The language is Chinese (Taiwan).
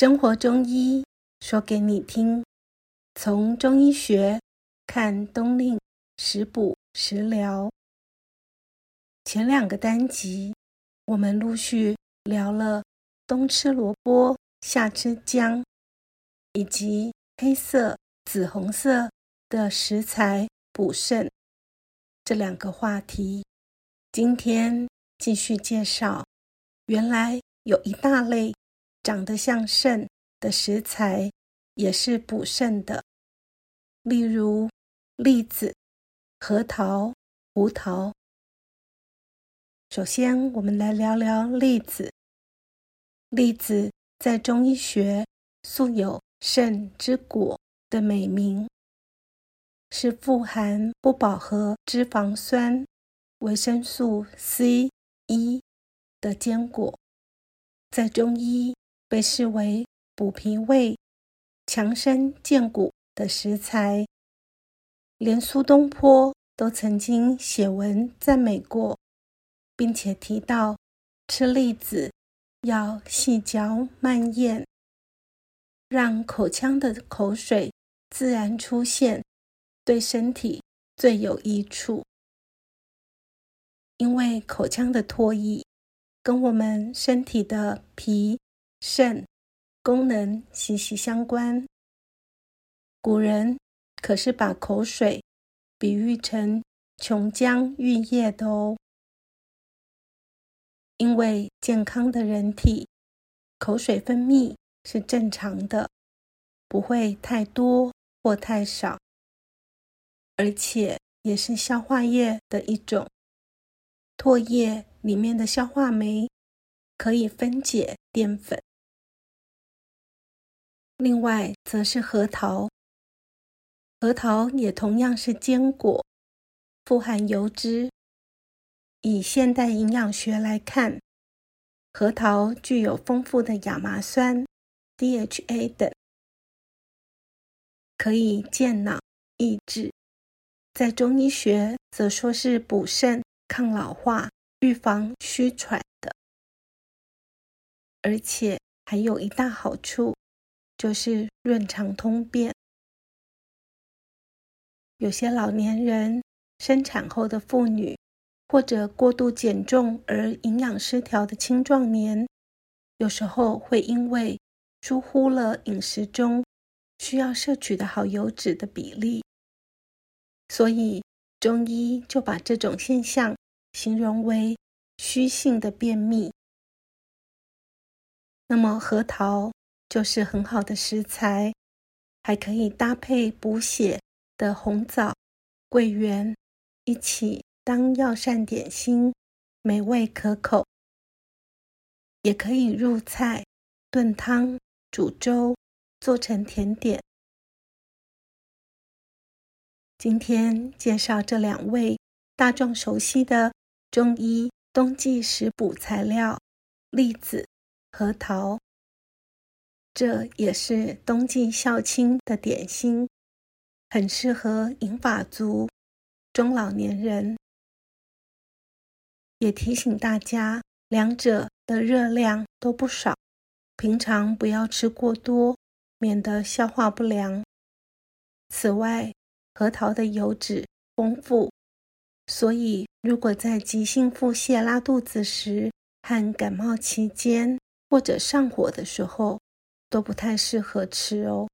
生活中醫，說給你聽，從中醫學看冬令食補、食療。前兩個單集，我們陸續聊了冬吃蘿蔔，夏吃薑，以及黑色、紫紅色的食材補腎這兩個話題。今天繼續介紹，原來有一大類。長得像腎的食材也是補腎的，例如栗子、核桃、胡桃。首先，我們來聊聊栗子。栗子在中醫學素有“腎之果”的美名，是富含不飽和脂肪酸、維生素 C E 的堅果，在中醫。被視為補脾胃、強身健骨的食材，連蘇東坡都曾經寫文讚美過，並且提到，吃栗子要細嚼慢嚥，讓口腔的口水自然出現，對身體最有益處。因為口腔的唾液，跟我們身體的脾。腎功能息息相關。古人可是把口水比喻成瓊漿玉液的哦。因為健康的人體口水分泌是正常的，不會太多或太少，而且也是消化液的一種。唾液裡面的消化酶可以分解澱粉。另外，則是核桃。核桃也同樣是堅果，富含油脂。以現代營養學來看，核桃具有豐富的亞麻酸、DHA 等，可以健腦益智。在中醫學，則說是補腎、抗老化、預防虛喘的。而且還有一大好處。就是潤腸通便。有些老年人、生產後的婦女，或者過度減重而營養失調的青壯年，有時候會因為疏忽了飲食中需要攝取的好油脂的比例，所以中醫就把這種現象形容為虛性的便秘。那麼核桃。就是很好的食材，還可以搭配補血的紅棗、桂圓一起當藥膳點心，美味可口；也可以入菜、燉湯、煮粥、做成甜點。今天介紹這兩味大眾熟悉的中醫冬季食補材料：栗子、核桃。這也是冬季孝親的點心，很適合銀髮族、中老年人。也提醒大家，兩者的熱量都不少，平常不要吃過多，免得消化不良。此外，核桃的油脂豐富，所以如果在急性腹瀉、拉肚子時，和感冒期間，或者上火的時候，都不太適合吃哦。